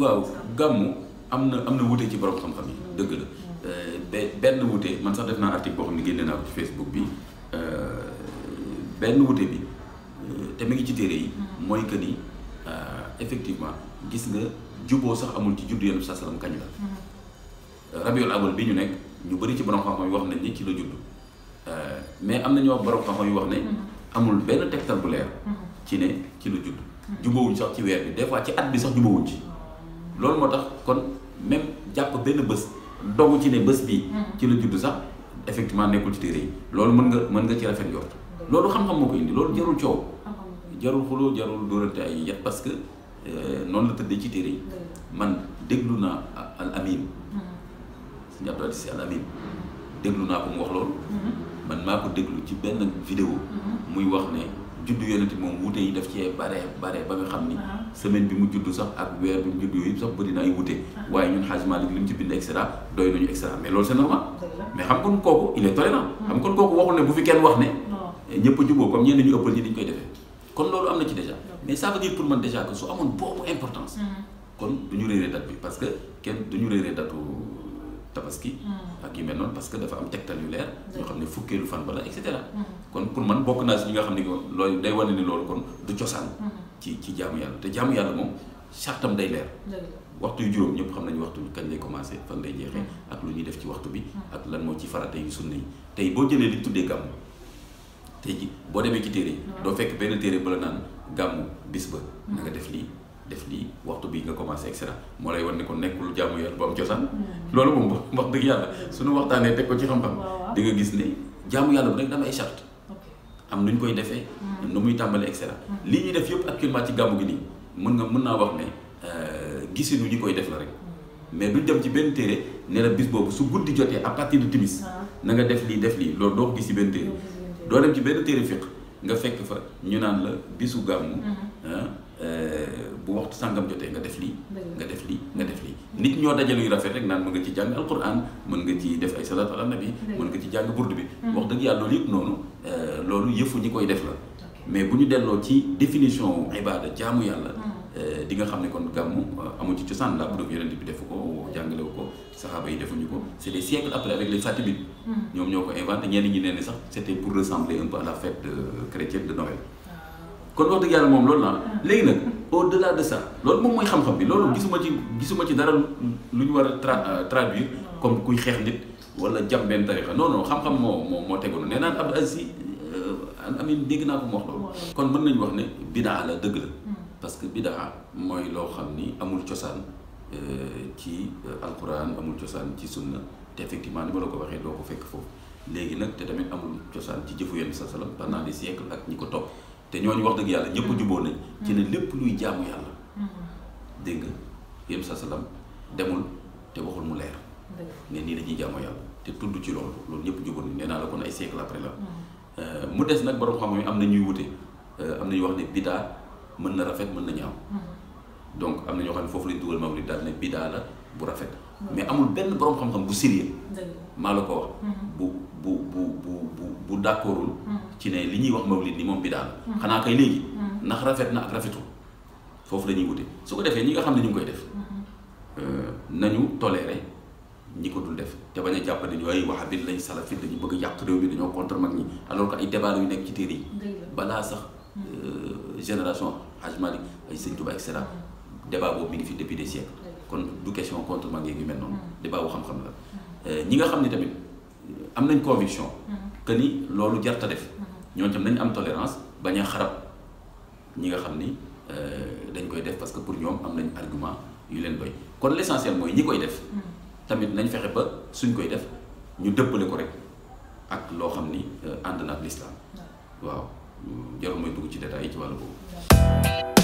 waaw gàmmu am na am na wute ci borom xam-xam yi dëgg la euh, benn wute man sax def naa article boo xam ne génne naa ko ci Facebook bi euh, benn wute bi euh, te mu ngi ci téere yi mm-hmm. mooy que yi effectivement gis nga juboo sax amul ci juddu yenn sax salaam kañ la mm-hmm. rabiul awal bi ñu nekk ñu bëri ci borom xam-xam yi wax nañ ni ci la judd mais am na ñoo borom xam-xam yi wax ne mm-hmm. amul benn tegtal bu leer ci ne ci la juboo jubóowuñ sax ci weer bi des ci at bi sax jubóowuñ ci loolu moo tax kon même jàpp benn bés dogu ci ne bés bi hmm. ci la judd sax effectivement nekkul ci téere yi loolu mën nga mën nga ci rafet njort loolu xam-xam moo ko indi loolu jarul coow jarul xuloo jarul dóorante ay yet parce que euh, noonu la tëddee ci téere yi man déglu naa al amin hmm. suñu Abdou Aziz Sy al amin hmm. déglu naa ko mu wax loolu man maa ko déglu ci benn vidéo muy wax ne juddu yonent moom wute yi daf cee bare bare ba nga xam ni semaine bi mu juddu sax ak weer bi mu juddu yooyu sax bëri na ay wute waaye ñun Hadj Malick li mu ci bind extra doy nañu extra mais loolu c'est normal mais xam kon kooku il est tolérant hmm. xam kon kooku waxul ne bu fi kenn wax ne ñëpp a juboo comme ñenn ñu ëppal ñi dañ koy defee kon loolu am na ci déjà mais ça veut dire pour man déjà que su amoon boobu importance hmm. kon du ñu réeree date bi parce que kenn du ñu réeree datu tabaski. Mm. ak yu mel noonu parce que dafa am tegtal yu leer. ñoo mm. xam ne fukkeelu fan ba la mm. kon pour man bokk naa si ñi nga xam ne loolu day wane ni loolu kon du cosaan. ci ci jaamu yàlla te jaamu yàlla moom sartam day leer. waxtu yu juróom ñëpp xam nañu waxtu kañ lay commencé fan lay jeexee ak lu ñuy def ci waxtu bi. ak lan moo ci farata yu sunna yi tey boo jëlee li tuddee gàmmu tey ji boo demee ci téere yi. doo fekk benn téere ba la naan gàmmu bis ba. na nga def lii def lii waxtu bii nga commencé et moo lay wan ne ko nekkul jaamu yàlla bu am cosaan. Hmm. loolu moom wax dëgg yàlla hmm. suñu waxtaanee teg ko ci xam-xam. di nga gis ne jaamu yàlla bu nekk dama ay charte. am nu ñu koy defee. Hmm. nu muy tàmbalee et cetera. lii ñuy def yëpp actuellement ci gàmmu gi nii mën nga mën naa wax ne euh, gisinu ñi koy def la rek. mais duñ dem ci benn téere ne la bis boobu su guddi jotee à parti de timis ah. na nga def lii def lii loolu doo ko gis ci benn téere doo dem benn téere fiq nga fekk fa ñu naan la bisu gàmmu. Ah, bu waxtu sàngam jotee nga def lii nga def lii nga def lii nit ñoo dajaluy rafet rek naan mën nga ci jàng alquran mën nga ci def ay salaat ala nabi mën nga ci jàng burdu bi hmm. wax dëgg yàlla loolu yëpp noonu euh, loolu yëfu koy def la mais bu ñu delloo ci définition ibada jaamu yàlla hmm. euh, di xam ne kon gàmmu euh, amu ci cosaan la bu ko jàngalewu ko ko c'est des siècles hmm. ko inventé ñenn ñi nee ne sax c'était pour ressembler un peu ah. léegi nag au delà de ça loolu moom mooy xam-xam bi loolu ah. gisuma ci gisuma ci dara lu ñu war a euh, traduire comme kuy xeex nit wala jam benn tarixa non non xam-xam moo moo moo tegoon nee naan Abdou Aziz euh, Amin dégg naa ko mu wax loolu kon mën nañu wax ne bidaa la dëgg la hmm. parce que bidaa mooy loo xam ni amul cosaan euh, ci alquran amul cosaan ci na te effectivement ni ma la ko waxee doo ko fekk foofu léegi nag te tamit amul cosaan ci jëfu yenn sa salam pendant des siècles ak ñi ko topp te ñooñu wax dëgg yàlla ñëpp mm. juboo nañ ci ne mm. lépp luy jaamu yàlla mm. dégg nga yém sa salam demul te waxul mu leer ne nii dañuy jaamu yàlla te tudd ci loolu loolu ñëpp juboo nañ nee naa la kon ay siècle après la euh, mu des nag borom xam yi am na ñuy wute euh, am na ñu wax ne bidaa mën na rafet mën na ñaaw donc am na ñoo xam ne foofu lañ dugal mawlid daal ne bidaa la bu rafet mais amul benn borom xam-xam bu sérieux maa la ko wax mm-hmm. bu bu bu bu bu d'accordul hmm. ci ne li ñuy wax mawlid ni moom bi daal hmm. xanaa kay léegi hmm. ndax rafet na ak rafetul foofu la ñuy wute su ko defee ñi nga xam ne ñu ngi koy def euh, nañu toléré ñi ko dul def te bañ a jàpp nañu ay wahabit lañ salafit dañu bëgg a yàq réew mi dañoo contre mag ñi alors que ay débat yu nekk ci téere yi balaa sax euh, génération Hadj Malick ay Sëñ Tuubaa et cetera débat boobu mi ngi fi depuis des siècles kon du question contre mag yeeg yu mel noonu débat bu xam-xam la euh, ñi nga xam ne tamit am nañ conviction mm-hmm. que ni loolu jarta def mm-hmm. ñoo tam nañ am tolérance bañ a xarab ñi nga xam ni euh, dañ koy def parce que pour ñoom am nañ argument yu leen doy kon l'essentiel mooy ñi koy def mm-hmm. tamit nañ fexe ba suñ koy def ñu dëppale ko rek ak loo xam ni euh, ànd na ak l'islam waaw jarul mooy dugg ci détails yi ci wàllu boobu